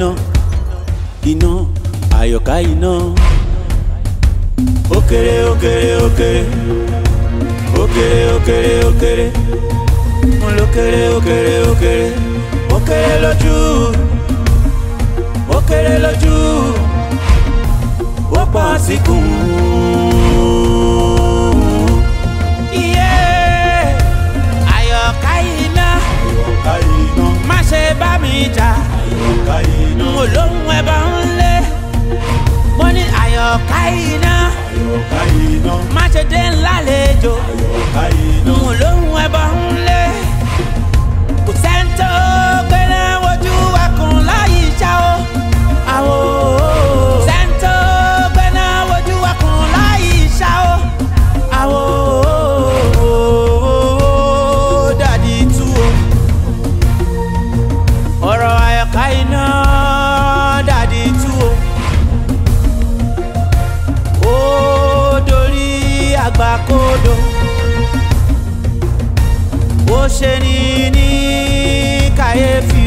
iná iná àyọ̀ká iná. okere, okere, okere, okere, okere, okere, mo okere, okere, okere, òkèrè lójú okere, lójú wọ́n pa àsìkò. Ayọ̀ká iná má ṣe bá mi jà mo lóhùn ẹ bá ń lé mo ní àyọ̀ká iná má ṣe dé ńlá lẹ́jọ́ mo lóhùn ẹ bá ń lé kò sẹ́ńtò gbẹ́rẹ́ wojú wa kàn láyé ìṣá o àwọn. ṣe ni ní kàyéfì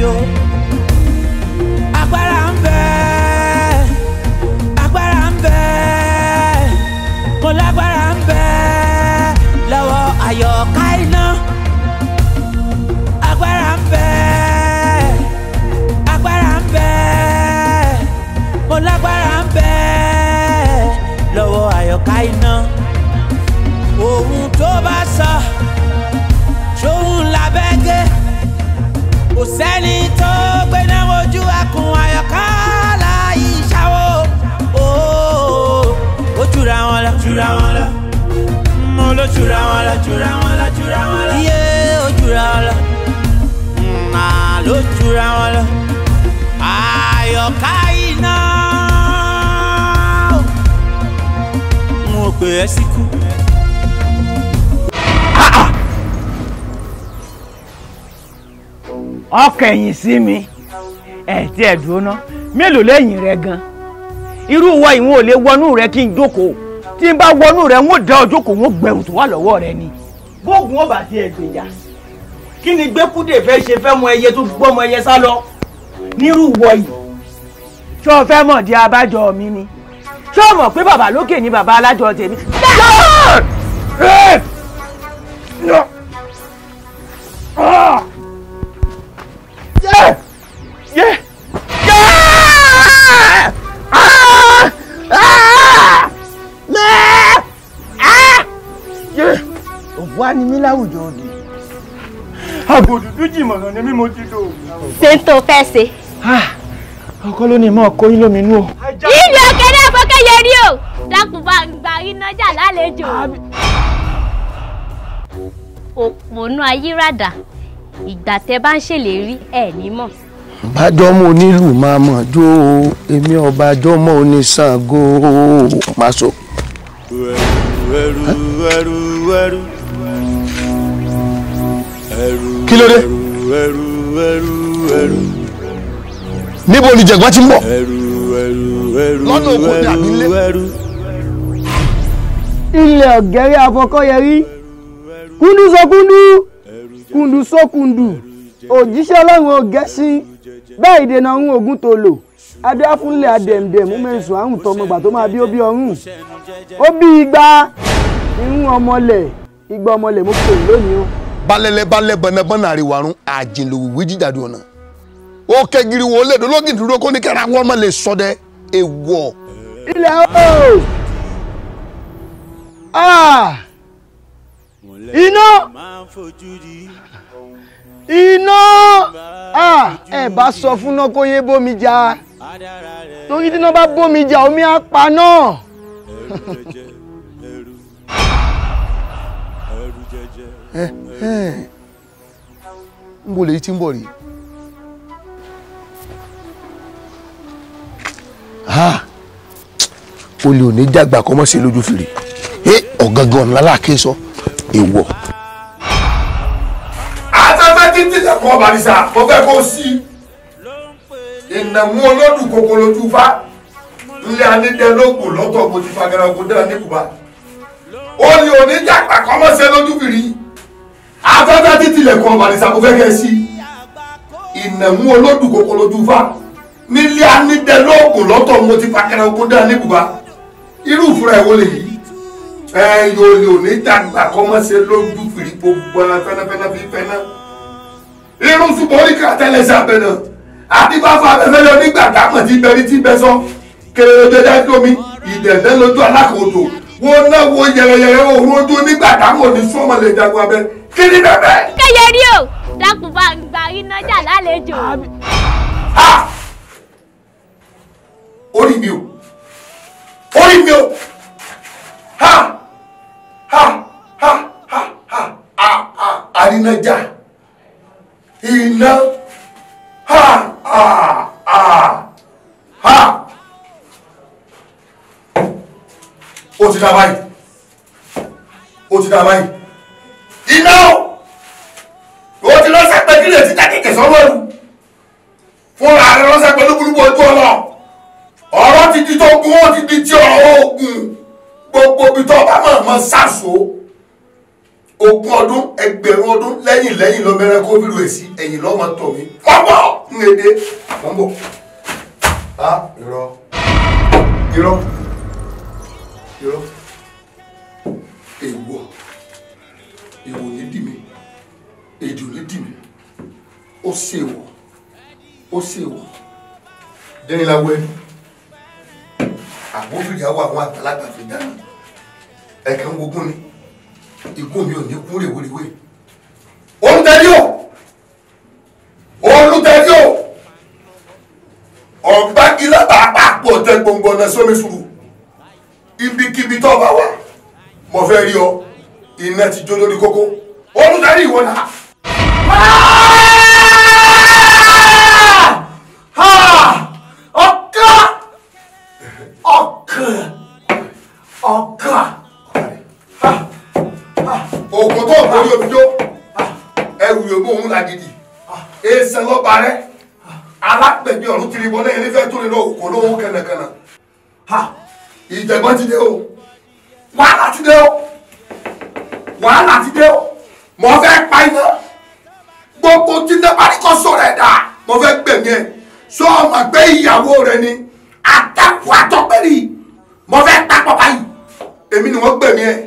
sẹ́ni tó gbéná wojú akun ayọ̀ká láyé ìṣàwó ó jura wọn lọ. jura wọn lọ. mo ló jura wọn lọ jura wọn lọ jura wọn lọ. iye ó jura wọn lọ. màá ló jura wọn lọ. ayọ̀ká iná. mo pè é sí ọkọ̀ ẹ̀yìn sí mi ẹ̀ tí ẹ̀ dúró ná mélòó lẹ́yìn rẹ gan irú wa ìwọ̀n ò lè wọnú rẹ kí n jókòó tí n bá wọnú rẹ wọn ò dá ọjọ́ kò wọ́n gbẹ̀rù tó wà lọ́wọ́ rẹ ni. bóògùn ọba ti ẹ̀ gbèjà kí ni gbẹ́kúdè fẹ́ ṣe fẹ́ mọ ẹyẹ tó gbọ́ mọ ẹyẹ sá lọ nírú wọ yìí. ṣé o fẹ́ di abájọ mi ni ṣé o mọ̀ pé bàbá lókè ni bàbá alájọ tèmi. Ah! òbú á ní mí láwùjọ òde. àgò dúdú jìmọ̀ràn ni mí mo ti do òògùn. ṣé n tó fẹ́ ṣe. ọkọ ló ní mọ ọkọ yín lómi inú o. ìlú òkèrè àfọkẹ́ yẹrí o dákun bá ń gba iná jà lálejò. òpònú ayírádà ìgbà tẹ bá ń ṣèlérí ẹ ní mọ̀ bájọ́mọ́ onílù máa mọ̀ jó o èmi ọba jọ́mọ́ oníṣàngó o máa sọ. kí ló dé níbo ni jẹ̀gbọ́n ti ń bọ̀ lọ́nà òkú ni àbí ilé. ilé ọ̀gẹ́rẹ́ afọkọ́yẹrí kúndùsọ́kúndù kúndùsọ́kúndù òjíṣẹ́ ọlọ́run ọ̀gẹ́sìn. bẹ́ẹ̀ ìdènà ọ̀hún ogun tó lò adéáfúnlẹ̀ adẹ̀mdẹ̀m mẹ́sùn àrùn tọmọgbà tó máa bí ó bí ọ̀hún ó bí igba irun ọmọlẹ̀ igba ọmọlẹ̀ mo pè lónìí o. balẹ̀lẹ̀ balẹ̀ bọ̀nàbọ̀nà àríwárún àjìnlòwìwí jíjàdù ọ̀nà ó kẹgiri wo lè dológì dúró kó ní kẹra wọn mọ lè sọdẹ ewọ. ilẹ̀ o ah! iná. iná ẹ bá sọ fún náà kó yé bómi jà torí tí náà bá bómi jà omi á pa náà. n bò lè ti ń bọ̀ rí. olè ò ní dàgbà kọ́mọ́sí lójú fèrè ọ̀gángan ńlá làákè sọ èèwọ̀ títí lẹ́kọ̀ọ́ ọba ní mo fẹ́ kó sí ìnàmú olódù kòkó lójú ilé anídẹ́lógún lọ́tọ̀ mo ti fa gẹ́gẹ́ ogun dára ó ní oníjàpá kọ́mọ́sẹ́ lójú afẹ́fẹ́ títí lẹ́kọ̀ọ́ ọba ní mo fẹ́ kẹ́ sí ìnàmú olódù kòkó lójú nílé anídẹ́lógún lọ́tọ̀ mo ti fa gẹ́gẹ́ ogun dára irú ìfura ẹ̀wọ́ lè yí ẹ yòòyò níta gbà kọ́mọ́sẹ́ lójú gbogbo ara fẹ́nafẹ́na irun fún boríkà tẹ́lẹ̀sẹ̀ àbẹ̀nà àdìbáfà abẹ́fẹ́ lọ nígbà dámọ̀ tí bẹ̀rí tí sọ kéré lójó dájú omi lójú alákòóso wọn náà wo yẹrẹyẹrẹ òru ojú nígbà dámọ̀ ní sọ́mọlẹ̀ jagun abẹ kiri bẹ́ẹ̀. kẹyẹ rí o dákun bá gba iná jà lálejò. orí mi o orí mi o ha ha ha ha ha ha àrínájà. Enough! ha ha ha ha ó ti dá báyìí ó ti dá báyìí iná ó ti lọ́sẹ̀ pé kílè ti jákèké sọ́wọ́ ẹ̀rù fúnra rẹ̀ lọ́sẹ̀ pé lóbulúbú ojú ọlọ ọ̀rọ̀ ti di tó gún ó ti di tí ọ̀rọ̀ oògùn gbogbo ibi tó bá mọ̀ mọ́ sáso ogún ọdún ẹgbẹ̀rún ọdún lẹ́yìn lẹ́yìn lọ́mẹ́rẹ́ kó bìrù èsì ẹ̀yìn lọ́mọ tọ̀ mí. pọ́pọ́ ń èdè wọ́n bọ̀. a irọ́ irọ́ irọ́ èèwọ̀ èèwọ̀ ní dì mí èdè ò ní dì mí ó ṣe èèwọ̀ ó ṣe èèwọ̀ dẹ́niláwọ̀ ẹni àbófìyàwó àwọn àgbàlagbà fi dáná ẹ̀ka ń gbógun ni ikú mi ò ní kú rèwerèwe òun tẹ̀lé o òun ló tẹ̀lé o ọ̀gbá ilé bàbá àpò ọ̀tẹ̀ gbòǹgbò ọ̀nà sómi sùúrù ibikíbi tó bá wà mo fẹ́ rí ọ iná ti jó lórí kókó òun ìwọ náà. lẹ́nu ló parẹ́ alápèjì ọ̀run ti rí wọlé yẹn nífẹ̀ẹ́ tó lè lọ òkò lówó kẹnẹkẹnà ìjẹ̀gbọ́n ti dé o wàhálà ti dé o wàhálà ti dé o mo fẹ́ pa iná gbogbo tí nẹ́pàdé kan sọ̀rọ̀ ẹ̀ dà mo fẹ́ gbẹ̀mí ẹ̀ sọ ọmọ gbé ìyàwó rẹ ni àtàkùn àtọ́pẹ́rì mo fẹ́ pa pàpà yìí èmi ni wọ́n gbẹ̀mí ẹ̀.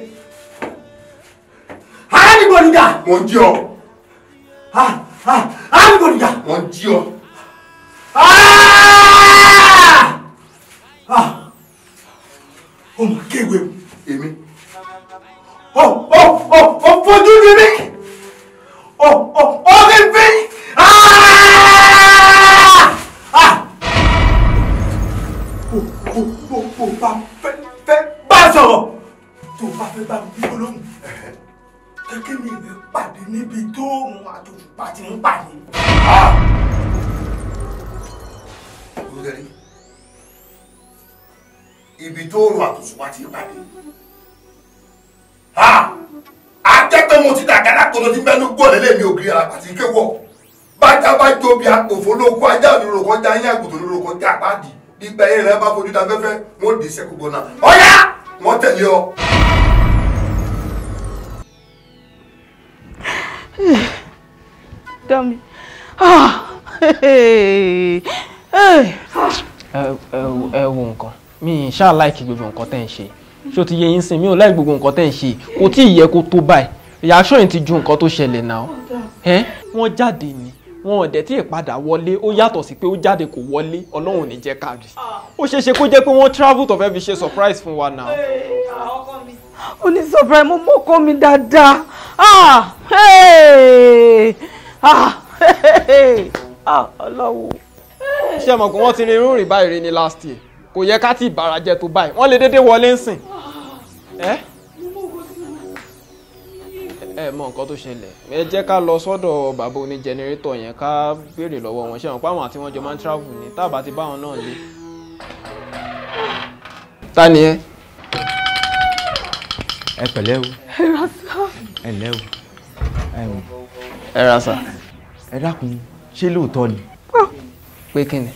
arábìnrin bò ní dà. mo ń jí ọ àbúkò nìyà. wọ́n jí ọ. ó mà kéwèé. èmi. ó ó ó ó fojú rí mi. àtòjùpá tí ń pàdé. olùdarí ibi tó rọ àtòjùpá tí ń pàdé akẹ́kọ̀ọ́ mo ti dàgbà lákòóso tí mẹ́nu gbọ́ lélẹ̀ mi ò kiri àràpà tí kéwọ̀ bájá bá tóbi àpòfó lóko ajá mi rò kọjá yín àgùntàn lóko kọjá àpáàdì ìgbà yẹn rẹ bá fojú dáfẹ́fẹ́ wọn ò dé iṣẹ́ gbogbo náà ọ̀yá wọ́n tẹ̀lé ọ. Tell me, ah, ẹ wo nǹkan mi ì ṣáà láìkí gbogbo nǹkan tẹ́ ń ṣe ṣó ti yẹ yín sìn mi ò láì gbogbo nǹkan tẹ́ ń ṣe kò tí ì yẹ kó tó báyìí ìyá sọ́yìn ti ju nǹkan tó ṣẹlẹ̀ náà wọ́n jáde ni wọn ò dẹ̀ tí ì padà wọlé ó yàtọ̀ sí pé ó jáde kò wọlé ọlọ́run ò ní jẹ́ ká ó ṣeé ṣe kó jẹ́ pé wọ́n travel to fẹ́ fi ṣe surprise fún wa náà. ó ní surprise mo mọ́kọ́ mi dáadáa. Ah, Ah, ah, ọlọ́wọ́ ṣé ẹ mọ̀ pé wọ́n ti rin irú rìn báyìí rí ni last year kò yẹ ká ti bàrà jẹ tó báyìí wọ́n lè dédé wọlé ń sìn ẹ́ ẹ mọ̀ nǹkan tó ṣẹlẹ̀ ẹ jẹ́ ká lọ sọ́dọ̀ bàbá oní yẹn ká béèrè lọ́wọ́ wọn ṣé mọ̀ pé àwọn àti wọn jọ máa ń travel ní tábà ti báwọn náà lé. ta ni ẹ. ẹ pẹ̀lẹ́ o ẹ lẹ́ o ẹ ra sà. ẹ dákun ṣé lóòótọ́ ni. pé kí ni.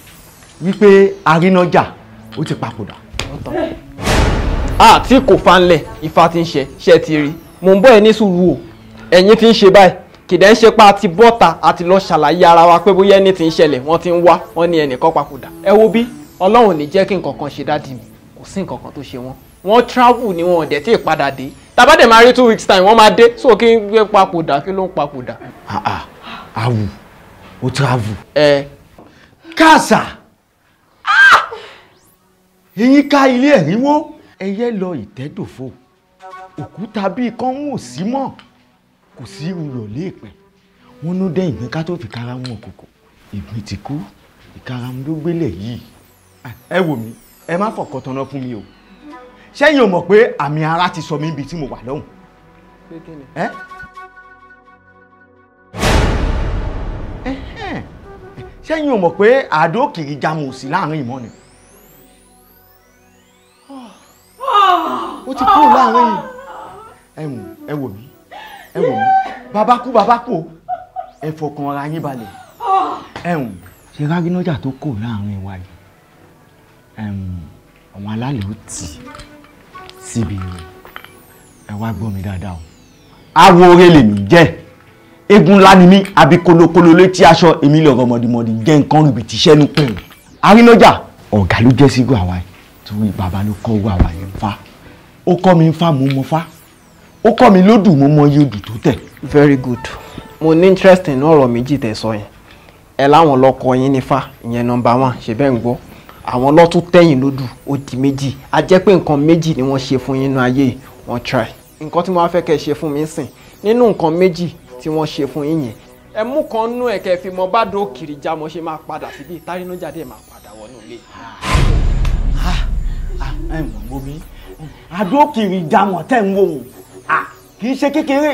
wípé arínájà ó ti papòdà. a tí kò fa ńlẹ̀ ifá ti ń ṣe ṣe ti rí mò ń bọ̀ ẹ ní sùúrù o ẹ̀yin ti ń ṣe báyìí kìdẹ́ ń ṣe pa àti bọ́ta àti lọ ṣàlàyé ara wa pé bóyá ẹni tí ń ṣẹlẹ̀ wọ́n ti ń wá wọ́n ní ẹnìkan papòdà ẹ wo bí ọlọ́run ò ní jẹ́ kí nǹkan kan ṣe dádì mi kò sí nǹkan kan tó ṣe wọ́n wọ́n travel ni wọ́n dẹ̀ tí ì padà dé tàbá dẹ̀ máa rí two weeks time wọ́n máa dé so kí n gbé papòdà kí ló ń papòdà. awù ó travel. ẹ. kàṣà eyín ká ilé ẹ̀rínwó ẹyẹ lọ ìtẹ́dòfò òkúta bíi kan ń wò sí mọ́ kò sí irun rọ̀ léèpẹ̀ wọ́n ló dẹ́ ìgbín ká tó fi kára wọn kòkò ìgbín ti kú ìkarahun ló gbélé yìí ẹ wò mí ẹ má fọkàn tanná fún mi o ṣẹ́yìn ò mọ̀ pé àmì ara ti sọ mí ibi tí mo wà lọ́hùn. pé kí ni. ẹ ṣẹ́yìn ò mọ̀ pé àdó kìí jamu sí láàrin ìmọ̀ ni. ó ti kúrò láàrin yìí ẹ wò ẹ wò mí ẹ wò mí bàbá kú bàbá kú ẹ fọkàn ara yín balẹ̀ ẹ ṣe rágínọ́jà tó kò láàrin wa yìí àwọn alálẹ̀ ó tì í síbi ẹ wá gbọ́ mi dáadáa o awo oore lèmi jẹ́ eégún ńlá ni mí àbí kolokolo létí aṣọ èmi lè ọ̀rọ̀ mọ̀dìmọ̀dì jẹ́ nǹkan rìbì tíṣẹ́ nu pẹ̀lú arínájà ọ̀gá ló jẹ́ sígò àwa yìí torí bàbá ló kọ́ owó àwa yìí ń fa ó kọ́ mi ń fa mo mọ fa ó kọ́ mi lódù mo mọ iye odù tó tẹ̀. very good mo ní interest nínú ọ̀rọ̀ méjì tẹ̀ sọ yẹn ẹ láwọn lọ́kọ yín nífa ìyẹn nọmba one ṣe bẹ́ẹ̀ ń gbọ́ àwọn lọ́tún tẹ̀yìn lódù ó di méjì a jẹ́ pé nǹkan méjì ni wọ́n ṣe fún yín nínú ayé wọ́n try. nǹkan tí mo wá fẹ́ kẹ́ ṣe fún mi sìn nínú nǹkan méjì tí wọ́n ṣe fún yín yẹn ẹ mú kan nú ẹ kẹ́ fi mọ bá dó kiri já mo ṣe máa padà síbi ìtarínájáde máa padà wọnú ilé. bobi ah, ah, adókiri jamọ tẹ ń wò ó ah, kì í ṣe kékeré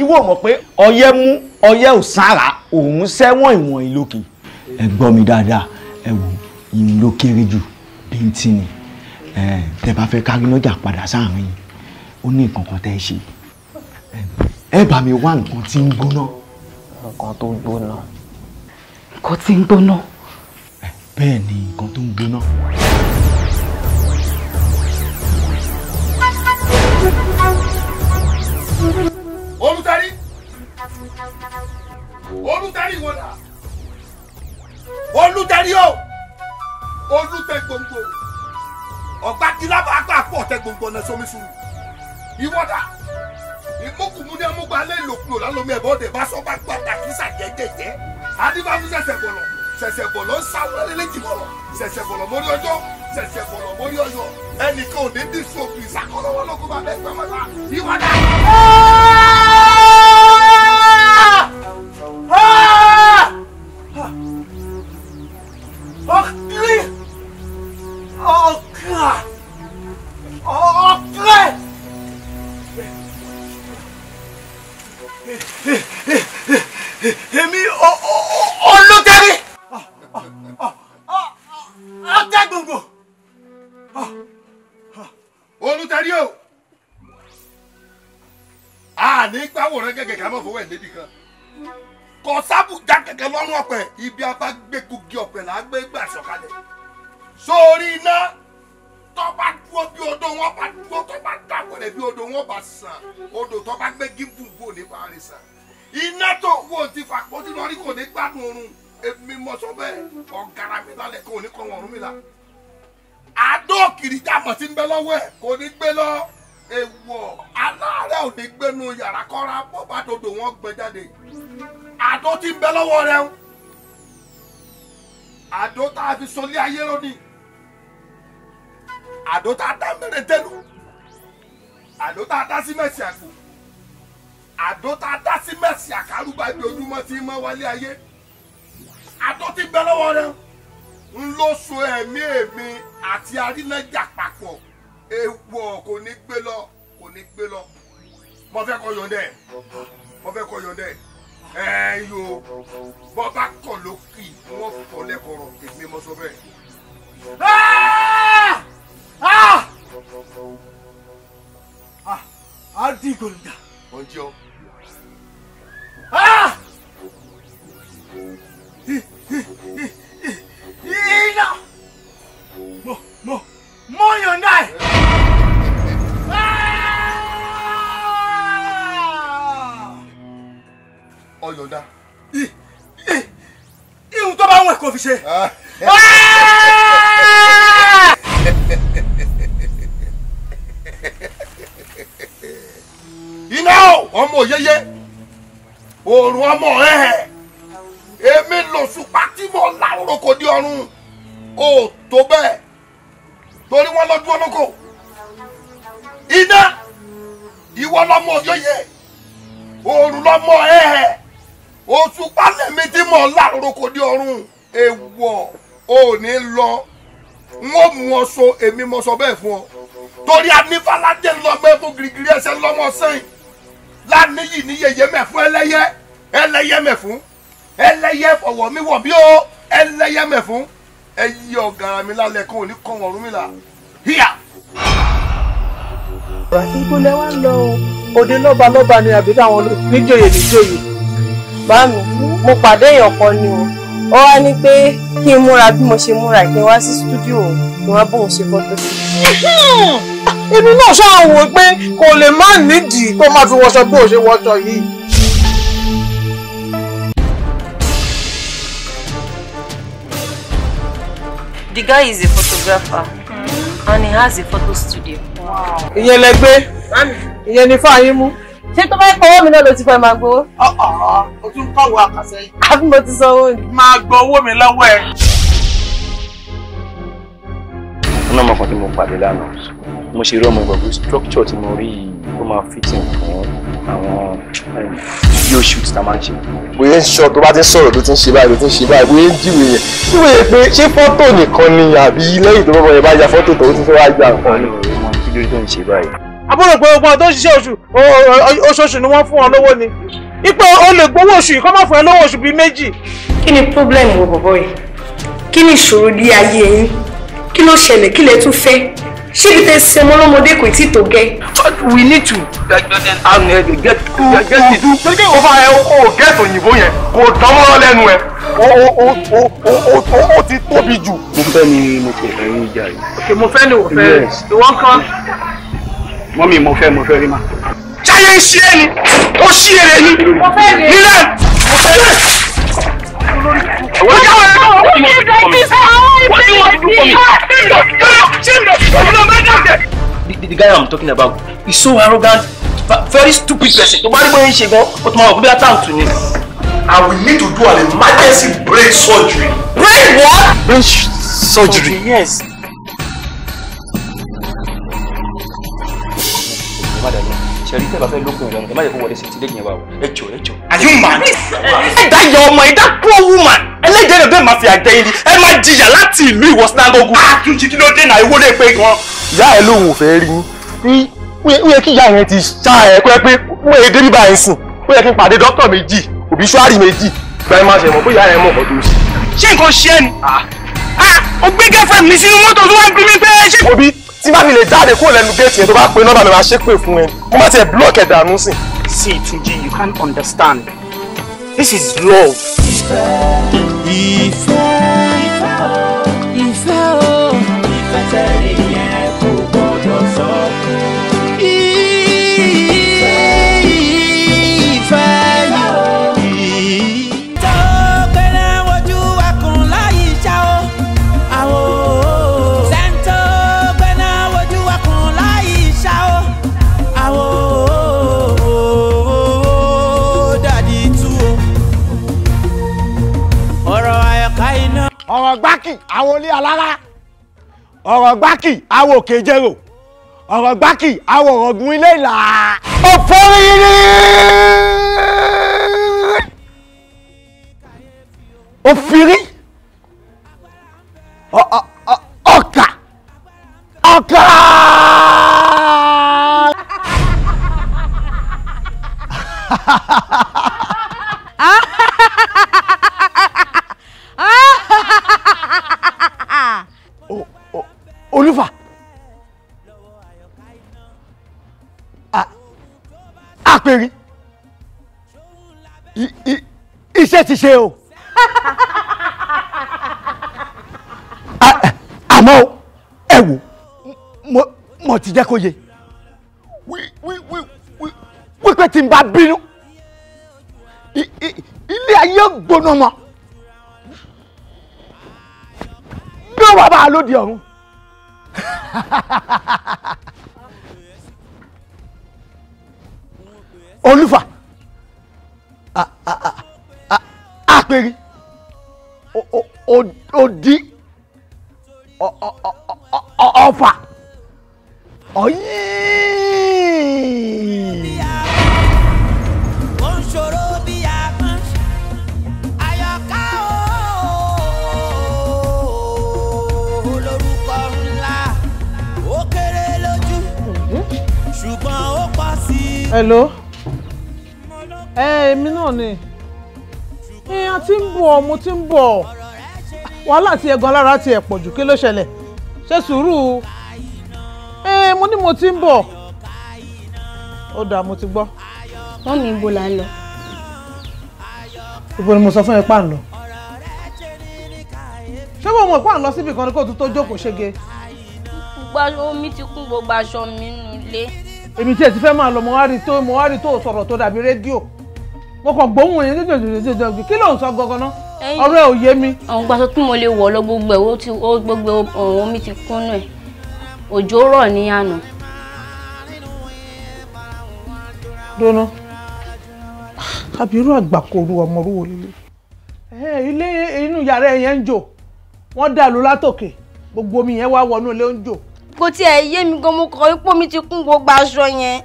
ìwọ mọ̀ pé ọyẹ mú ọyẹ ò sára òun sẹ́wọ̀n ìwọ̀n ìlòkè ẹ gbọ́ mi dáadáa ẹ wò ó irun ló kéré jù bíntín ni tẹ bá fẹ́ kárí lọ́jà padà sáàrin ó ní nǹkan kan tẹ́ ẹ ṣe ẹ bá mi wá nǹkan tí ń gbóná. nǹkan tó gbóná. nǹkan tí ń gbóná. bẹ́ẹ̀ ni nǹkan tó ń gbóná. olùdarí olùdarí wọlá olùdarí o olùtẹ gbòǹgbò ọgbà kìlábà àgbà pọ̀ tẹ gbòǹgbò ọ̀nà sọmi sùúrù ìwọ́dà ìmúkùmú ní amúgbà alẹ́ ìlòkulò lálómi ẹ̀bọ́ ọ̀dẹ̀ bá sọ́gbà gbàdà kí sàjẹ́jẹ́jẹ́ adífàfún sẹ̀sẹ̀ bọ̀lọ̀ sẹ̀sẹ̀ bọ̀lọ̀ ń sáwọ́ lẹ́lẹ́jì bọ̀lọ̀ sẹ̀sẹ̀ bọ̀lọ̀ mórí ọjọ́ sẹ̀sẹ̀ bọ̀lọ̀ mórí ọyọ ẹnìkan ò ní bí sọ̀kì ìsàkọ́lọ́wọ́lọ́kọ́ bá bẹ́ẹ̀ pẹ́ mọ́ta ìwọ́dà. àdó tá a fi sọlé ayé lónìí àdó tá a dá mẹ́rẹ̀ tẹ́lu àdó tá a dá sí mẹ́sì àgbo àdó tá a dá sí mẹ́sì àkàrúgba ibi ojúmọ́ tí mọ́ wálé ayé àdó ti bẹ lọ́wọ́ rẹ ń ló so ẹ̀mí èmi àti arínájà papọ̀ ewọ kò ní gbé lọ kò ní gbé lọ mo fẹ́ kó yọ̀ǹdẹ̀ mo fẹ́ kó yọ̀ǹdẹ̀ ẹ yo bọba kọ ló kì í wọn fọ lẹkọrọ èmi mọ sọ bẹ́ẹ̀. a di gòlìdà. ọjọ́. iná mo mo mo yàn náà. yọ̀ǹda. ihun tó bá wọn kò fi ṣe. Ah. iná ọmọ òyeye òòrùn ọmọ ẹ èmi lòṣùpá tí mo là oroko di ọrùn ò tó bẹ́ẹ̀ torí wọn lọ dúró lóko iná ìwọ lọmọ òyeye òòrùn lọmọ ẹ oṣù pálẹ̀mí tí mò ń láròrò kò dé ọrùn èèwọ̀ ò ní lọ n ó mú ọ so èmi mo sọ bẹ́ẹ̀ fún ọ torí anífàlàjẹ lọgbẹ́ fún girigiri ẹsẹ̀ lọ́mọ sẹ́yìn lánìyí ní yẹyẹ mẹ́fún ẹlẹ́yẹ ẹlẹ́yẹ mẹ́fún ẹlẹ́yẹ fọwọ́ mi wọ̀ bí o ẹlẹ́yẹ mẹ́fún ẹyí ọ̀gá mi lálẹ́ kan ò ní kọ́ wọ̀ọ́rùn mi là híyà. ìgbọ́lẹ̀ wa ń lọ òde lọ́balọ́ba ni àbí táwọn níjòyè níjòyè bá mi mo pàdé èèyàn kan ni o ó wá ní pé kí n múra bí mo ṣe múra kí n wá sí stúdíò kí wọ́n bóun ṣe fọ́tò sí. èmi náà ṣáà wò ó pé kò lè má nídìí kó má fi wọṣọ bí ò ṣe wọṣọ yìí. The guy is a photographer mm. and he has a photo studio. Wow. Ìyẹn lẹgbẹ́, ìyẹn ni fáyín mú ṣé tó bá yẹ kọ́wọ́ mi náà ló ti fẹ́ máa gbowó. o tún kọ̀wé àkàṣe. àbí mo ti sanwó ni. máa gbọ́ owó mi lọ́wọ́ ẹ. wọ́n náà mọ̀ kan tí mo pàdé lánàá mo ṣe rí ọmọ ìgbàgbé structure tí mo rí yìí ó máa fitting fún àwọn yóò eh, shoot tá a máa ń ṣe. bóyá ń sọ tó bá ti ń sọ̀rọ̀ tó ti ń ṣe báyìí tó ti ń ṣe báyìí bóyá ń jíwèé yẹn jíwèé yẹn pé ṣé fọ́tò nìkan ni àbí lẹ́yìn tó bọ́ bọ́ yẹn bá ya fọ́tò tó ti fẹ́ wá gbà nǹkan ló ń ṣe báyìí àbúrò pé ogun ọdún ṣiṣẹ́ oṣooṣù ni wọ́n fún ọ lówó ni ipò o lè gbowó oṣù yìí kọ́ máa fún ẹ lówó oṣù bíi méjì. kí ni problem wo bọ̀bọ̀ yìí kí ni ìṣòro ní ayé yín kí ló ṣẹlẹ̀ kí lẹ tún fẹ́ ṣé ibi tẹ ṣe mọ́ lọ́mọdé kò tí tó gẹ́. we need to get ṣé o o get òyìnbó yẹn kò dánwó lẹ́nu ẹ o ti tóbi jù. mo fẹ́ ni mo fẹ́ ní ìjà yìí. mo fẹ́ ni mo fẹ́ ìwọ́n kan mọ́mí mo fẹ́ mo fẹ́ rí ma. ṣáyé ń ṣí ẹni ó ṣí èrè ni nílẹ̀ mo fẹ́ rí. ọjọ́ wo ni wọ́n ti sọ ọ́ ìpínlẹ̀ The, the guy I'm talking about is so arrogant, very stupid person. Tó bá rí bóyá ń ṣe gan, ó tún máa wọ̀ bí àtàǹtù need to do an emergency brain surgery. Brain what? Brain surgery. surgery yes. má dàní ṣẹ̀rí tẹ́ bá fẹ́ lókun ìlọrin ẹ má jẹ́ kó wọlé sí ti lẹ́yìn wa o ẹ jọ ẹ jọ. are you mad? ẹ̀dá yọ ọmọ ẹ̀dá poor woman ẹlẹ́jẹ̀ rẹ̀ bẹ́ẹ̀ máa fi àjẹ́ yìí ẹ máa jìyà láti ìlú ìwọ sinagogu. àtúntì ah, kí ló dé náà ìwọlé pé gan. ìyá ẹ lóun ò fẹ́ rí i ó yẹ kí ìyá yẹn ti ṣá ẹ pé pé mo èdè bíbá ẹ̀ ń sìn ó yẹ kí n pàdé dókítà méjì òbí ṣúárì méjì. báyìí má ṣe mọ̀ bóyá ẹ mọ̀ ọ́ tó ṣe. ṣé nǹkan ṣe ẹ ni? Ah. Ah, ó gbé gẹ́fẹ̀m mi sínú mọ́tò òbí tí bá fi lè jáde kúrò lẹ́nu géètì yẹn tó bá pe nọ́mbà mi máa ṣépè fún ẹ mo má tiẹ̀ block ẹ̀ dànù sí. see Tunji you can't understand this is love. ìfẹ́. gbákì àwọn olé alára ọ̀rọ̀ gbákì àwọn òkè jẹ́rò ọ̀rọ̀ gbákì àwọn ọ̀gùn ilé ìlà. ọ̀pọ̀ yìí ṣe ti ṣe o àmọ́ ẹ wò mo ti jẹ́ kó yé wípé tí n bá bínú ilé ayé gbóná mọ́ bí wọ́n bá lòdì ọ̀run. hello ẹ èmi náà ni èèyàn ti ń bọ̀ mo ti ń bọ̀ wàhálà ti ẹ̀gàn lára ti ẹ̀ pọ̀ jù kí ló ṣẹlẹ̀ ṣe sùúrù ẹ mo ní mo ti ń bọ̀ ó dà mo ti gbọ́. wọ́n mi ibo là lọ. ibo ni mo sọ fún ẹ páànù ṣé wọn mọ ìpáànù lọ síbi kan ni kó o tún tó jókòó ṣege. gbogbo omi ti kún gbogbo aṣọ mi nílé èmi tí ẹ ti fẹ́ máa lọ mo wá rí tó mo wá rí tó sọ̀rọ̀ tó dàbí rédíò mo kàn gbóhùn yẹn dídòdòdòdò kí ló ń sọ gangan ná ò yé mi. àwọn gbaṣọ tí mo lè wọ̀ lọ gbogbo ẹ̀ ó ti ó gbogbo omi ti kúnnú ẹ̀ òjò rọ̀ ní àná. dóná àbírú àgbàkóru ọmọ orúwo líle. ilé inú yàrá ẹ ń jò wọ́n dàlú látòkè gbogbo omi yẹn wá wọnú ilé ń jò kò tiẹ̀ yé mi gan mo kọ ipò mi ti kún gbogbo aṣọ yẹn.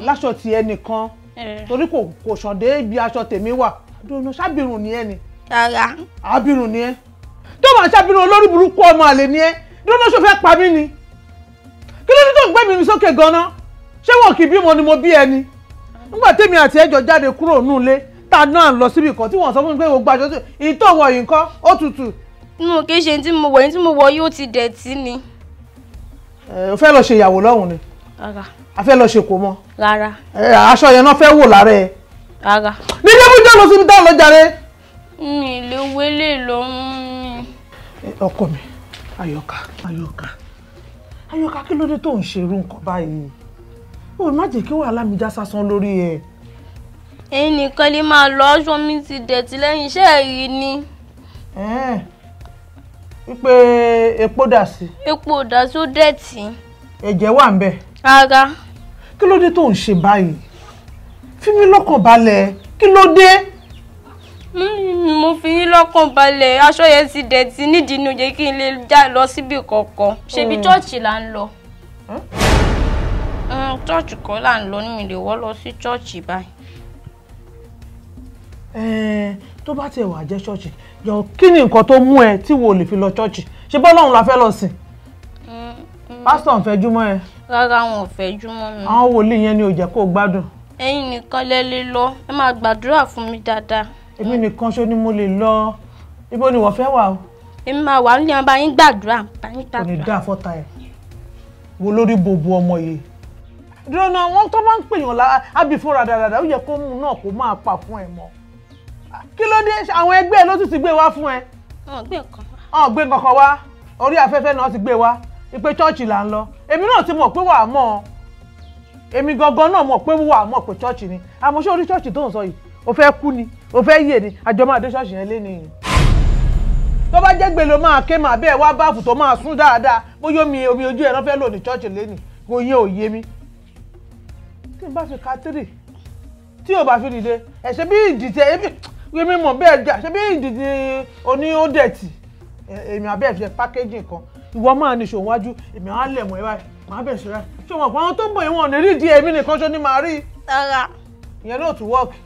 láṣọ ti ẹnìkan eh. torí kò kò sàn dé ibi aṣọ tèmi wà àdúrà ṣàbìrùn ni ẹ ni. rárá. àbìrùn ni ẹ tó máa ṣàbìrùn olórí burúkú ọmọ àlè ni ẹ dúró ṣó fẹ́ pa mí ni kí ló dé tó ń gbé mi ní sókè gan-an ṣé wọn kì í bímọ ni mo bí ẹni nígbà tèmi àti ẹjọ jáde kúrò nílé tá a náà lọ síbi kan tí wọn sọ fún mi pé gbogbo aṣọ ìtọ̀wọ̀ yìí nǹkan ó tutù. mo kì í ṣe tí mo wọ̀ yín tí mo wọ̀ yóò ti dẹ̀ tí ni o fẹ́ lọ ṣe ìyàwó lọ́hùn ni a fẹ́ lọ ṣe kò mọ́ rárá aṣọ yẹn náà fẹ́ wò lára ẹ rárá ní débùjọ́ lọ síbi táwọn lọ́jà rẹ. mi lè wélé lọ́rùn mi. ọkọ mi ayọ̀ká ayọ̀ká ayọ̀ká kí ló dé tó ń ṣerú nǹkan báyìí o má jẹ́ kí wàhálà mi já sásán lórí ẹ. ẹ̀yin nìkan lè máa lọ aṣọ mi ti dẹ̀tí lẹ́yìn iṣẹ́ yìí ni wípé epo dà sí. epo dà sí ó dẹ̀tì. ẹ̀jẹ̀ wà ń bẹ̀. rárá. kí ló dé tó ń ṣe báyìí fi mí lọ́kàn balẹ̀ kí ló dé. mo fi yín lọ́kàn balẹ̀ aṣọ yẹn ti dẹ̀tì nídìí inú yẹ kí n lè já lọ síbi kankan ṣebí hmm. chọ́ọ̀chì là ń lọ. Hmm, chọ́ọ̀chì kan là ń lọ ní mi lè wọ́ lọ sí chọ́ọ̀chì báyìí. tó bá tiẹ̀ wà jẹ́ chọ́ọ̀chì jọ kí ni nǹkan tó mú ẹ tí wo lè fi lọ ṣọ́ọ̀ṣì ṣe bọ́ lọ́run la fẹ́ lọ sìn pásítọ̀ ń fẹjú mọ́ ẹ. rárá wọn ò fẹjú mọ́ mi. àwọn wòlíì yẹn ni ò jẹ́ kó o gbádùn. ẹ̀yin nìkan lẹ lè lọ ẹ máa gbàdúrà fún mi dáadáa. èmi nìkan ṣó ni mo lè lọ ibo ni wọ́n fẹ́ wà o. èmi máa wà nílé ọba yín gbàdúrà bá yín gbàdúrà. kò ní dá àfọ́ta ẹ̀ wo lórí bobo ọmọ yìí. dúró náà wọn tó máa ń pè yàn lára ábì fúnra dáadáa ó yẹ kó mú náà kó máa pa fún ẹ mọ́ kí ló dé àwọn ẹgbẹ́ ẹ ló tún ti gbé wá fún ẹ. ọ̀gbìn kan wá. ọ̀gbìn kankan wá orí afẹ́fẹ́ náà ti gbé wá ìpè chọ́ọ̀chì là ń lọ èmi náà ti mọ̀ pé wà á mọ̀ ọ́ èmi gangan náà mọ̀ pé wà á mọ̀ pé chọ́ọ̀chì ni àmọ́ ṣé orí chọ́ọ̀chì tó ń sọ yìí o fẹ́ kú ni o fẹ́ yè ni àjọ máa dé chọ́ọ̀chì yẹn lé nìyí tó bá jẹ́ gbèlò máa ké máa bẹ́ẹ̀ wá báàfù tó máa sún dáadáa bóyá omi omi ojú ẹ̀rọ fẹ́ lò ní chọ́ọ̀chì lẹ́nu kò yé ò yé mi. tí n bá fi ka tírì tí ò bá fi dìde ẹ̀ṣẹ̀ bí ìdìtẹ̀ ẹ̀bí yémi mọ̀ bẹ́ẹ̀ jà ṣé bí ìdìdì oní ó dẹ̀tì èmi àbẹ́ ìfẹ́ pákéjì kan ìwọ máa ní ṣòwò wájú èmi á lẹ̀ mọ́ ẹ báyìí màá bẹ̀ ṣẹ́ra ṣé wọn àwọn tó ń bọ̀ ìwọ̀n nírí di èmi nìkan ṣo ni màá rí. rárá. ìyẹn náà tún wọ́ọ̀kì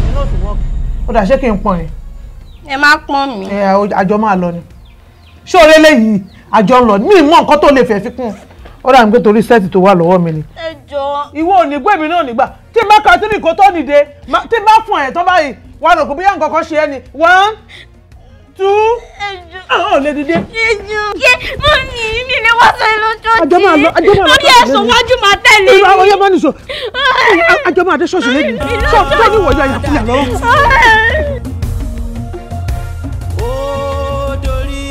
ìyẹn náà tún wọ́ọ̀kì ó dà ṣé kí n pọ̀n yẹn. ẹ má pọ́n mi. ẹ àjọ máa lọ ni ṣé oore léyìí àjọ lọ ní ìmọ̀ nǹkan tó lè fẹ́ fi kún un ó dà mí pé torí sẹ́ẹ̀tì tó wà lọ́wọ́ mi ni. ẹ jọ. ìwọ ò ní gbẹ̀mí náà nígbà tí n bá ka tí wọn rò pé bóyá nǹkan kan ṣe ẹ́ ni one two. ẹjọ ọ lè dìde. ẹjọ yé mọ mi mi lè wá sọ ìlú tó ti lórí ẹsùn wájú máa tẹ̀lé mi. ìlú ọyọ máa nìṣó àjọ máa dé ṣọ́ọ̀ṣì lẹ́yìn sọ fún mi wọ̀nyí àyàkúyà lọ́wọ́. ó dorí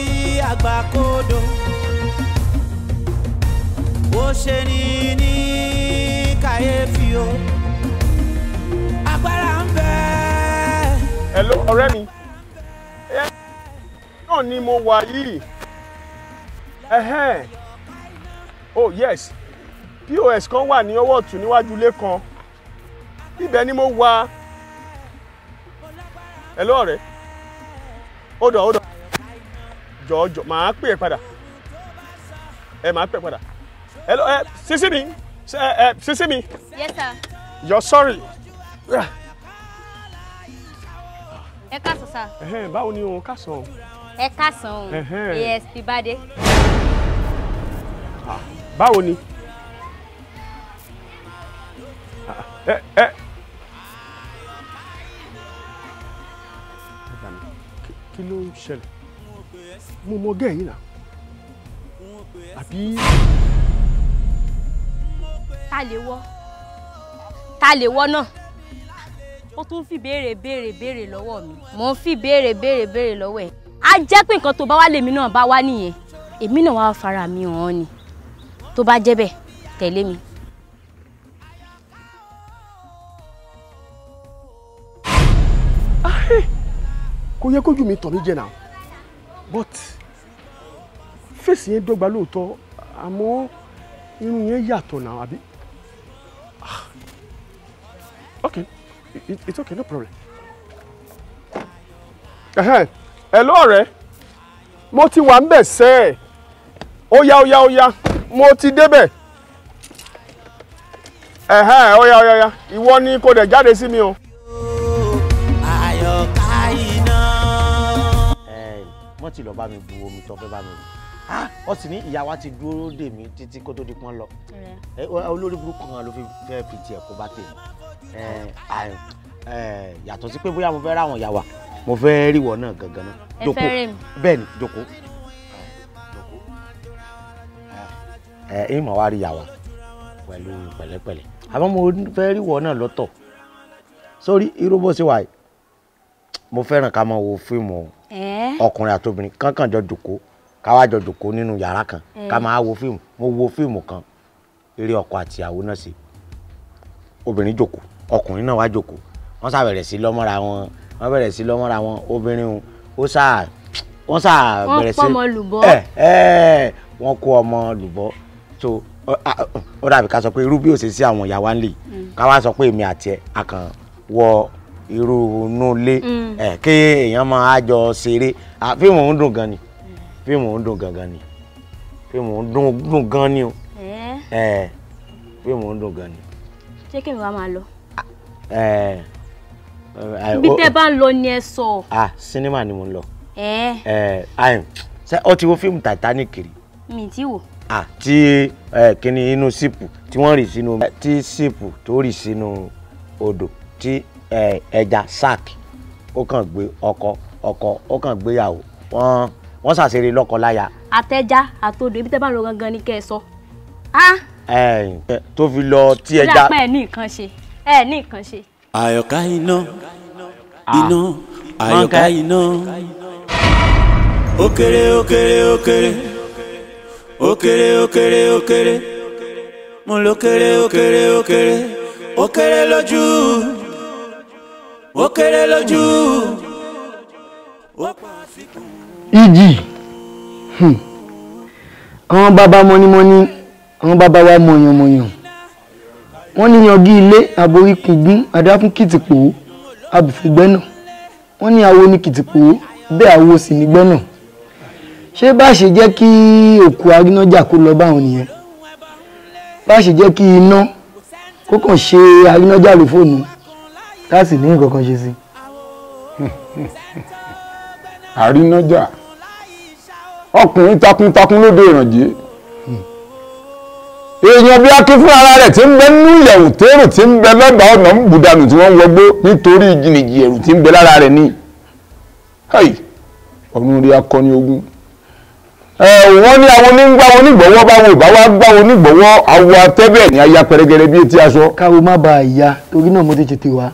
àgbàkodo ó ṣe ni ní kàyéfì o. hello ọ̀rẹ́ mi ẹ náà ni mo wà yìí ẹ̀hẹ́n oh yes pos kan wà ní ọwọ́ ọ̀tún níwájú ilé kan ibẹ̀ ni mo wà hello ọ̀rẹ́ hold on hold on jọjọ màá pè é padà ẹ màá pè é padà hello ẹ sísí mi sísí mi. yes sir. you're sorry. Ah ẹ káàsán sá. báwo ni òun káàsán o. ẹ káàsán o ASP Bádé. báwo ni. ẹ ẹ. kí ló ń ṣẹlẹ̀ mo mọ gẹ́ yìí nà àbí. ta lè wọ ta lè wọ náà ó tún fi béèrè béèrè béèrè lọ́wọ́ mi mò ń fi béèrè béèrè béèrè lọ́wọ́ ẹ̀ á jẹ́ pé nǹkan tó bá wá lèmi náà bá wá nìyẹn èmi náà wá fara mi hàn ni tó bá jẹ́ bẹ́ẹ̀ tẹ̀lé mi. kò yẹ kójú mi tọ̀ mí jẹ náà but fèsì yẹn dọ́gba lóòótọ́ àmọ́ irun yẹn yàtọ̀ náà àbí ah! Okay it's okay no problem. hello ọ̀rẹ́ mo ti wà ń bẹ̀ sẹ́ẹ̀ ó yá ó yá ó yá mo ti débẹ̀ ẹ̀hẹ́ ọ̀yà ọ̀yà ọ̀yà ìwọ ni kò dẹ̀ jáde sí mi o. àyọ̀ká iná. ẹ wọ́n ti lọ́ọ́ bá mi bu omi tó fẹ́ bá mi bu ah, wọ́n sì ní ìyá wa ti dúró dè mí títí kó tó di pọ́n fi fi tiẹ̀ kó bá Eh, eh, yàtọ̀ sí pé bóyá mo fẹ́ ráwọn yàwà mo fẹ́ ríwọ náà gangan náà jókòó bẹ́ẹ̀ ni jókòó eh, ẹ ìmọ̀ wa rí yàwà pẹ̀lú pẹ̀lẹ́pẹ̀lẹ́ àmọ́ mo fẹ́ ríwọ náà lọ́tọ̀ sórí irú bó ṣe wà yìí mo fẹ́ràn ká máa wo fíìmù ọkùnrin àtobìnrin kankan jọ jókòó káwá nínú yàrá kan ká máa wo fíìmù mo wo fíìmù kan eré ọkọ àtìyàwó náà sí obìnrin jókòó ọkùnrin náà wá jókòó wọ́n sá bẹ̀rẹ̀ sí lọ́mọ́ra wọn wọ́n bẹ̀rẹ̀ sí lọ́mọ́ra wọn obìnrin ó sá wọ́n sá bẹ̀rẹ̀ sí wọ́n kó ọmọ ẹ ẹ eh, eh, wọ́n kó ọmọ lùbọ́ so ó dàbí ká sọ pé irú bí ó ṣe sí àwọn ìyàwó ń lè mm. ká wá sọ pé èmi àti ẹ a kàn wọ irú inú ilé ẹ mm. eh, kí èèyàn máa jọ ṣeré fíìmù ń dùn gan ni fíìmù ń dùn gangan ni fíìmù ń dùn gan ni o ẹ fíìmù ń dùn gan ni. ṣé kí n wá máa lọ. Eh, eh, ibi tẹ́ bá ń lọ ni ẹ sọ. ah sinima ni mo ń lọ. ẹ ẹ eh, ayin ṣe ọ ti wo fíìmù Titanic rí. mi ti wò. ah ti ẹ kíni inú síìpù tí wọ́n rì sínú tí síìpù tó rì sínú odò tí ẹja shark ó kàn gbé ọkọ ọkọ ó kàn gbéyàwó wọ́n wọ́n ṣàṣeré lọ́kọláya. àtẹjá àtodò ibi tẹ́ bá ń lọ gangan ni kẹ́ ẹ sọ. ah. ẹ tó fi lọ tí ẹja. ìlànà ẹ ní nǹkan ṣe ẹ ní nǹkan ṣe. àyọ̀ká iná ah. iná àyọ̀ká iná ókéré ókéré ókéré ókéré ókéré ókéré mo lókéré ókéré ókéré ókéré lójú ókéré lójú ó pa àsìkò. ìjì hmm. àwọn bàbá mọ́nímọ́ní àwọn bàbá wa mọ̀yànmọ̀yàn wọ́n ní yangí ilé aborí kùngún adákún kìtìpó abùfù gbẹ́nà wọ́n ní awo ní kìtìpó bẹ́ẹ̀ awo sì ní gbẹ́nà ṣé bá ṣe jẹ́ kí òkú arínájà kó lọ báwọn nìyẹn bá ṣe jẹ́ kí iná kó kàn ṣe arínájà ló fóònù láti ní nǹkan kan ṣe sí. àrínájà ọkùnrin takuntakun lóde ìrànjẹ́ èèyàn bí akí fún ara rẹ̀ tí ń bẹ nínú ìyẹ̀wù tẹ́rù tí ń bẹ lọ́gbà ọ̀nà ń bùdànù tí wọ́n ń wọgbó nítorí ìjìnìjì ẹ̀rù tí ń bẹ lára rẹ̀ ní. ọ̀run rí akọni ogun. wọ́n ní àwọn onígbà wọn bá wọn ìbá wa gbá wọn awọ atẹ́bẹ̀ ní aya pẹrẹgẹrẹ bíi etí aṣọ. káwo má bàa ya torí náà mo ti tètè wá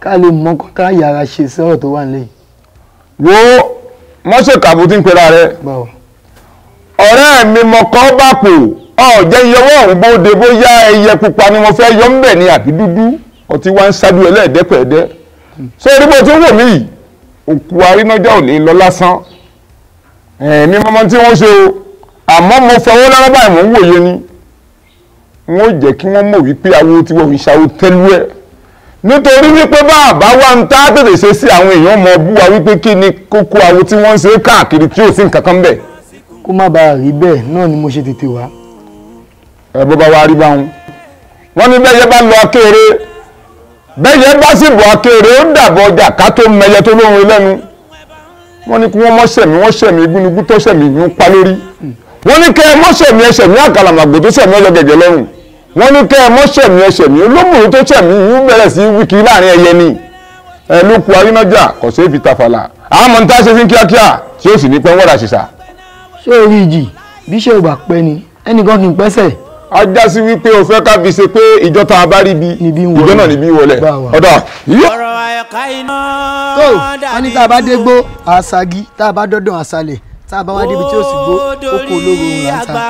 ká lè mọ kọ́tà yàrá ṣe sọ́rọ̀ tó wà nílẹ̀ ọ̀jẹ̀ ìyọwọ́ ọ̀hún bóde bóyá ẹyẹ pupa ni mo fẹ́ yọ ń bẹ̀ ni àbí dúdú ọtí wá ń ṣáájú ẹlẹ́ẹ̀dẹ́pẹ̀ẹ́dẹ́ so orí bó tún wò mí yìí òkú arínájà ò ní lọ lásán ẹ̀mí mọ́mọ́ tí wọ́n ṣe o àmọ́ mo fọwọ́ lára báyìí mò ń wòye ni wọ́n jẹ́ kí wọ́n mọ̀ wípé awo tí wọ́n fi ṣàwọ́ tẹ́lú ẹ̀ nítorí wípé bá àbá wa ń tá tètè ṣe sí àwọn èèyàn mọ bú wípé kí ni kókó awo tí wọ́n ń ṣe káàkiri tí ò sí nǹkan kan bẹ́ẹ̀. kó má bàa rí bẹ́ẹ̀ náà ni mo ṣe tètè wá ẹ bó bá wá rí báwọn wọ́n ní bẹ́yẹ bá lọ akéèrè bẹ́yẹ bá sì bọ̀ akéèrè ó dàbọ̀ ọjà ká tó mẹyẹ tó lóhun lẹ́nu wọ́n ní kí wọ́n mọ́ sẹ̀mí wọ́n sẹ̀mí igúnugún tó sẹ̀mí ń pa lórí wọ́n ní kẹ́ ẹ mọ́ sẹ̀mí ẹ sẹ̀mí àkàlàmàgbò tó sẹ̀mí ọjọ́ gẹ̀gẹ̀ lọ́rùn wọ́n ní kẹ́ ẹ mọ́ sẹ̀mí ẹ sẹ̀mí olómùú tó sẹ̀mí yìí ni ẹ ló ku arínájà kò sí fi tafàlà àwọn ọmọ níta ṣe fi kíákíá tí ó sì ní pẹ́ wọ́dà ṣìṣà. ṣé orí ìjì bí ṣé ẹnìkan kì í pẹ́sẹ̀ ajá sí wípé o fẹ́ kábi ṣe pé ìjọ tá a bá rí bi ìjọ náà níbí wọlé ọ̀dà. ọ̀rọ̀ ẹ̀ka iná dàbí. tó wọ́n ní tá a bá dé gbó àṣàgí tá a bá dọ́dọ̀ àṣàlẹ̀ tá a bá wá débi tí ó sì gbó oko olóró làǹtà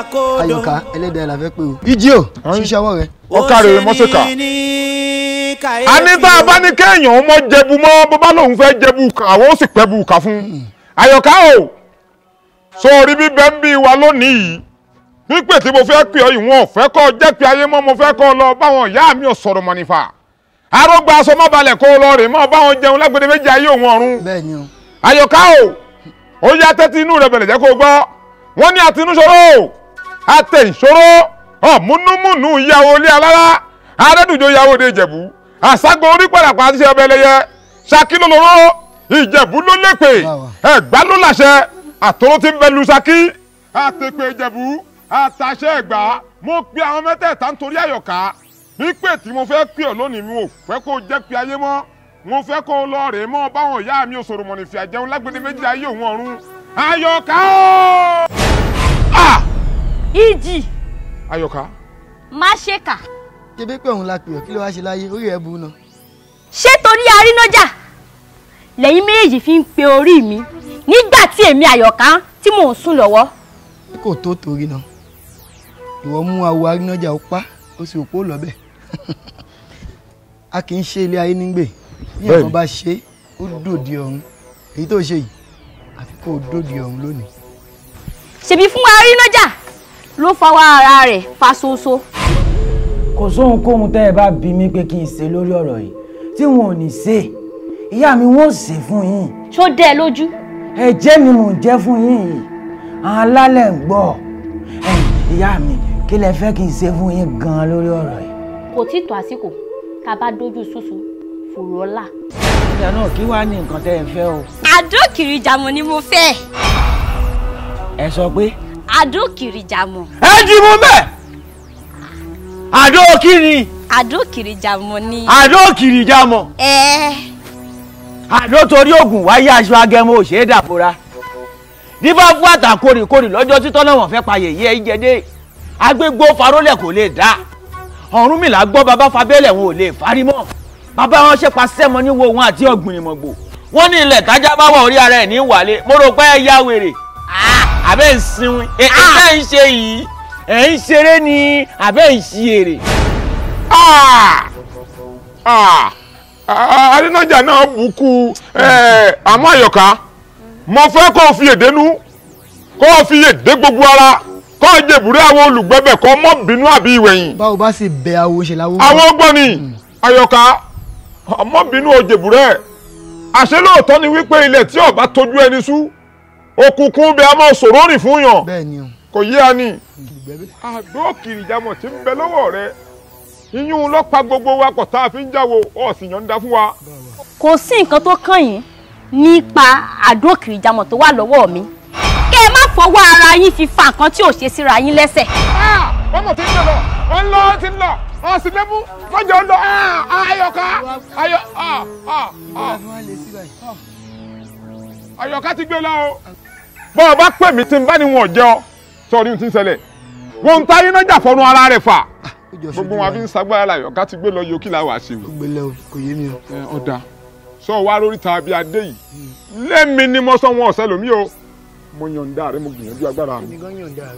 ayọ̀ká ẹlẹ́dàá la fẹ́ pé o. ìjì o ṣíṣe ọwọ́ rẹ. ọkà rẹ mọ́sẹ̀ká. a ní tá a bá ní kéèyàn ọmọ jẹbu mọ́ bó bá lóun fẹ́ jẹbu kà àwọn ó sì pẹ́ bu kà fún. ayọ̀ká hmm. o sọ orí bíbẹ́ ń bí wa lónìí yìí wípé tí mo fẹ́ pè ọ́ ìwọ̀n ọ̀fẹ́ kọ́ jẹ́ pé ayé mọ́ mo fẹ́ kọ́ lọ báwọn ìyá mi ò sọ̀rọ̀ mọ̀ nífà arógbá aṣọ má balẹ̀ kọ́ lọ rè mọ́ báwọn jẹun lágbèdè méjì ayé òun ọ̀run àyọ̀ká o ó yá tẹ́tí inú rẹ̀ bẹ̀rẹ̀ jẹ́ kó gbọ́ wọ́n ní àtinúṣòro àtẹ ìṣòro ọ̀múnúmúnú ìyàwó ilé alára arẹ́dùjọ ìyàwó òde ìjẹ̀bú àṣàgbọ̀ orí pàdàpà àti iṣẹ́ ọbẹ̀ ẹlẹ́yẹ ṣakí ló lóró ìjẹ̀bú àtàṣe ẹ̀gbá mo pe àwọn mẹ́tẹ̀ẹ̀ta nítorí àyọ̀ká pípè tí mo fẹ́ pè ọ́ lónìí mi ò fẹ́ kó o jẹ́ pé ayé mọ́ mo fẹ́ kó o lọ rèé mọ́ báwọn ìyá mi ò sòrò mọ̀nì fìyà jẹun lágbèdè méjì ayé òun ọ̀run àyọ̀ká o. ìjì. àyọ̀ká. má ṣe kà. kébé pé òun la pè ọ́ kí ló wá ṣe láyé orí ẹ̀ bu náà. ṣé torí arínájà lẹ́yìn méjèèjì fi ń pe orí mi nígbà tí èmi àyọ̀ká tí mò ń sùn lọ́wọ́. kò tó torí náà ìwọ mú awo arínájà ó pa ó sì òpó lọ́bẹ̀ a kì í ṣe ilé ayé nígbè bí ẹ̀kan bá ṣe ó dòde ọ̀run èyí tó ṣe yìí àfi kó o dòde ọ̀run lónìí. ṣèbí fún arínájà ló fọwọ́ ara rẹ̀ fa ṣoṣo. kò sóhunkóhun tẹ́ ẹ bá bi mí pé kí n ṣe lórí ọ̀rọ̀ yìí tí wọn ò ní ṣe ìyá mi wọn ò ṣe fún yín. ṣó dẹ ẹ lójú. ẹ̀jẹ̀ mi mò ń jẹ́ fún yín yìí alálẹ̀ ń gbọ́ ìyá mi kí lẹ fẹ́ kí n ṣe fún yín gan-an lórí ọ̀rọ̀ yìí. kò tí ì tó àsìkò tá a bá dojú ṣoṣo fòrò ọ̀la. ìyá náà kí wàá ní nǹkan tẹ́ ẹ fẹ́ o. àdókìrìjàmọ̀ ni mo fẹ́. ẹ sọ pé. àdókìrìjàmọ̀. ẹ dì mú bẹ́ẹ̀. àdókìrì. àdókìrìjàmọ̀ ni. àdókìrìjàmọ̀. ẹ. àdó torí oògùn wáyé aṣọ agẹmọ òṣèré dàbora. nífà fún àtàkórìkórì lọ́jọ́ títọ́ náà wọ́n fẹ́ pa yèyé ẹ jẹ dé agbégbó farólẹ̀ kò lè dá Ọ̀rúnmìlà gbọ́ baba fabẹ́lẹ̀ wọn ò lè fárí mọ́ baba wọn ṣe pàṣẹ mọ́ ní wo wọn àti ọ̀gbìnrìmọ̀gbò wọ́n ní ilẹ̀ tájá bá wà orí ara ẹ̀ ní wàlẹ̀ mo rò pé ẹ ya wèrè àbẹ́ ń sinwin ẹ ẹ ń ṣe yìí ẹ ń ṣeré ni àbẹ́ ń ṣe èrè. arínájà náà bùkún àmọ́ àyọ̀ká mo fẹ́ kó o fi èdè nú kó o fi èdè gbogbo ara kọ́ ìjẹ̀bùrẹ́ àwọn olùgbẹ́bẹ̀ kọ́ mọ́ bínú àbí ìwẹ̀yìn. báwo bá sì bẹ àwọn òṣèlú àwọn. àwọn ọgbọ́n ni àyọ̀ká hmm. mọ́ bínú òjèbùrẹ́ àṣẹ lóòótọ́ ni wípé ilẹ̀ tí ọba tójú ẹni sú òkùnkùn bẹ a máa sọ̀rọ̀ rìn fún yàn kò yé ani àdó kìrìjàmọ̀ tí ń bẹ lọ́wọ́ rẹ iyún ló pa gbogbo wa pọ̀ tá a fi ń jáwo ọ̀sìn yọ̀ǹda fún wa. kò sí nǹkan tó kàn yín nípa àdó kìrìjàmọ̀ tó wà lọ́wọ́ mi kẹ́ ẹ má fọwọ́ ara yín fi fa nǹkan tí ò ṣe síra yín lẹ́sẹ̀. Ah, ọmọ tí ń lọ ọ ń lọ ti ń lọ ọ sì lẹ́bù kọjọ ń lọ ah, ah, ayọ̀ká ayọ̀ ayọ̀ká ti gbé lọ o. bọ́ ọ bá pè mí tí n bá ní wọn jẹ ọ sọrí ti ń ṣẹlẹ̀ wọn ń ta iná jà fọnú ara rẹ̀ fà gbogbo wọn fi ń sagbára l'Ayọ̀ká ti gbé lọ yókì làwọn àṣewò. gbẹlẹ o kò yé mi o. ọ̀dà sọ wa lórí tàbí adé yìí lẹ́mi ni mo sọ wọn ọ̀sẹ̀ lómi o mo yọ̀ǹda rẹ mo gbìyànjú agbára mi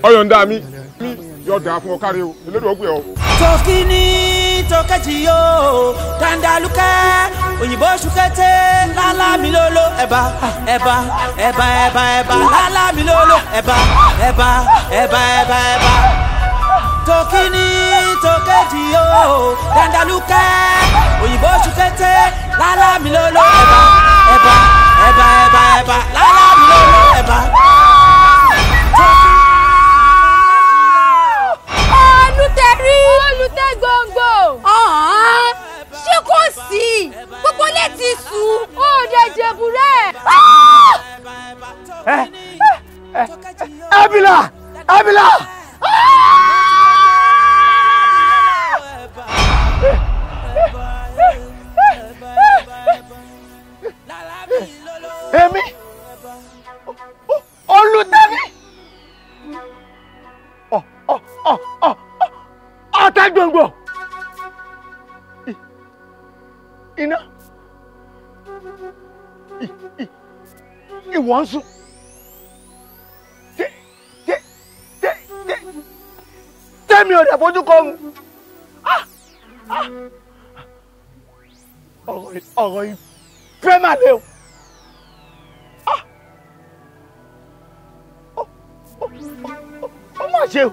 ọyọ̀ǹda mi mi yọ̀ dà fún ọ kárí o elédè ọgbẹ ọ. tọkíní tọkẹjì yóò dandalukẹ òyìnbó sukẹtẹ lálámilólo ẹ̀bà ẹ̀bà ẹ̀bà ẹ̀bà ẹ̀bà lálámilólo ẹ̀bà ẹ̀bà ẹ̀bà ẹ̀bà ẹ̀bà tọkíní tọkẹjì yóò dandalukẹ òyìnbó sukẹtẹ lálámilólo ẹ̀bà ẹ̀bà ẹ̀bà ẹ̀bà ẹ̀bà lálábì lọ́wọ́ ẹ̀bà. olùtẹ̀rí olùtẹ̀ gbòǹgbò. ṣé kò sí gbogbo lè ti sùn. ó dẹ̀ jẹ̀bùrẹ́. Ah! ẹ ẹ abila abila. ọ̀tá gbòǹgbò iná ìwọ ń sùn tẹ tẹ tẹ tẹ tẹmí ọ̀dà fojú kọ́ mu ah, ah. ọ̀rọ̀ ìfẹ́ mà lé o. Ah. ó mà ṣe o.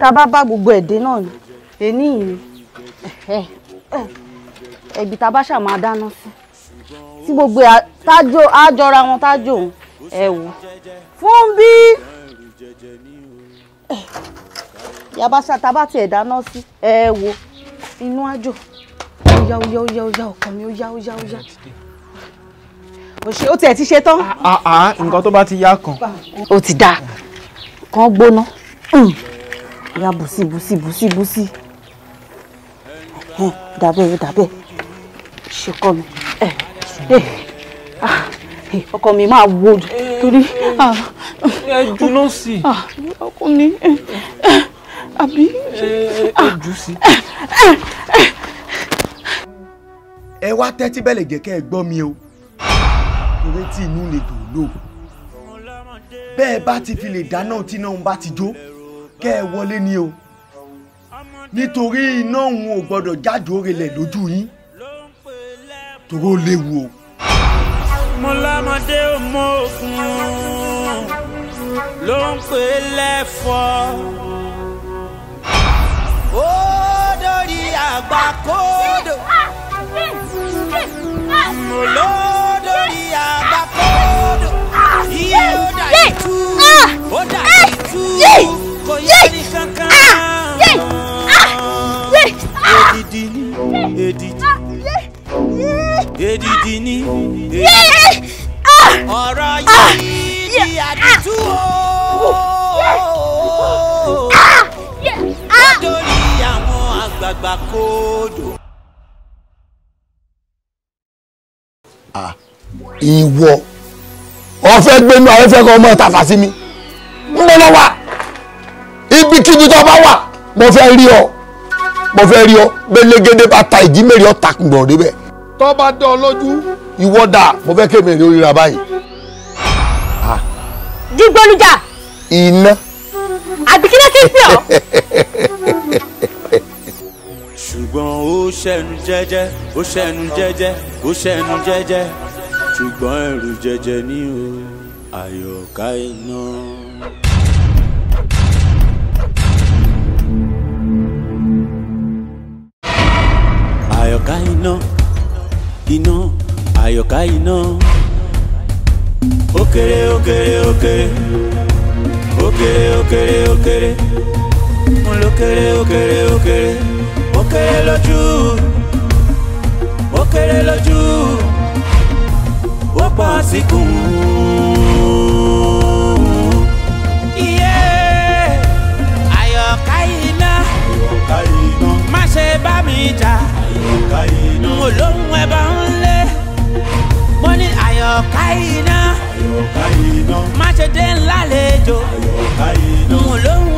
tá a bá bá gbogbo ẹ̀dẹ́ náà ni èní yìí ẹ̀gbì tá a bá ṣàmà dáná sí tí gbogbo tájò àjọra wọn tájò òun ẹ wò fún bí yaba ṣàtàbà tiẹ̀ dáná sí ẹ wò inú àjò ó yá ó yá ó yá ó yá ọkàn mi ó yá ó o ó yá òṣè ó tiẹ̀ ti ṣe tán. Ah, ah, ah, nǹkan tó bá ti yá kan. ó ti dáa kan gbóná ya busi busi busi busi ẹ dàbẹ ẹ dàbẹ ṣe kọ mi ẹ ah, ẹ ọkọ mi máa wo torí. ẹ jù ló sì. ọkọ mi àbí. ẹ ah, jù sí. ẹ wá tẹ́tí bẹ́ẹ̀ lè jẹ́ kẹ́ ẹ gbọ́ mi o torí tí inú lè dùn lò bẹ́ẹ̀ bá ti fi lè dáná tí náà ń bá ti jó kẹ́ ẹ wọlé ni o nítorí iná òun ò gbọ́dọ̀ jáde òrèlẹ̀ lójú yín tòró léwu o. mo lámọdé ọmọ òkun ló ń pè lẹ́fọ́ ó dórí àgbà kódò mo ló dórí àgbà kódò yìí ó dà yìí tú ó dà yìí tú kò yẹ ní kankan. Ah! Ah! Ah! èdìdì ni èdìdì èdìdì ni ọ̀rọ̀ yìí di àdìtú o. lọ́dọ̀rí àwọn àgbààgbà kóòdù. ìwọ ọ̀fẹ́ gbẹnu àwọn fẹ́ kọ́ ọmọ tàfà sí mi ń bọ́ lọ́wọ́ níbikíbi tó bá wà mo fẹ́ rí ọ mo fẹ́ rí ọ gbẹlẹgẹdẹ bá ta ìdí mẹ́rin ọ ta gbọ̀n débẹ̀. tó bá dán ọ lójú ìwọ dà mo fẹ́ kéèmì rí oríra báyìí. dìgbòlùjà. iná. àbí kí ló kí n pè ọ. ṣùgbọ́n ó ṣẹnu jẹ́jẹ́ ó ṣẹnu jẹ́jẹ́ ó ṣẹnu jẹ́jẹ́ ṣùgbọ́n ẹ̀rù jẹ́jẹ́ ni o àyọ̀ká iná. àyọ̀ká iná iná àyọ̀ká iná. ó kéré ó kéré ó kéré ó kéré ó kéré ó kéré mo ló kéré ó kéré ó kéré mo kéré lójú mo kéré lójú wọ́n pa àsìkò. àyọ̀ká iná má ṣe bá mi jà. àyọ̀ká iná má ṣe dé ńlá lẹ́jọ́ mo lóhùn.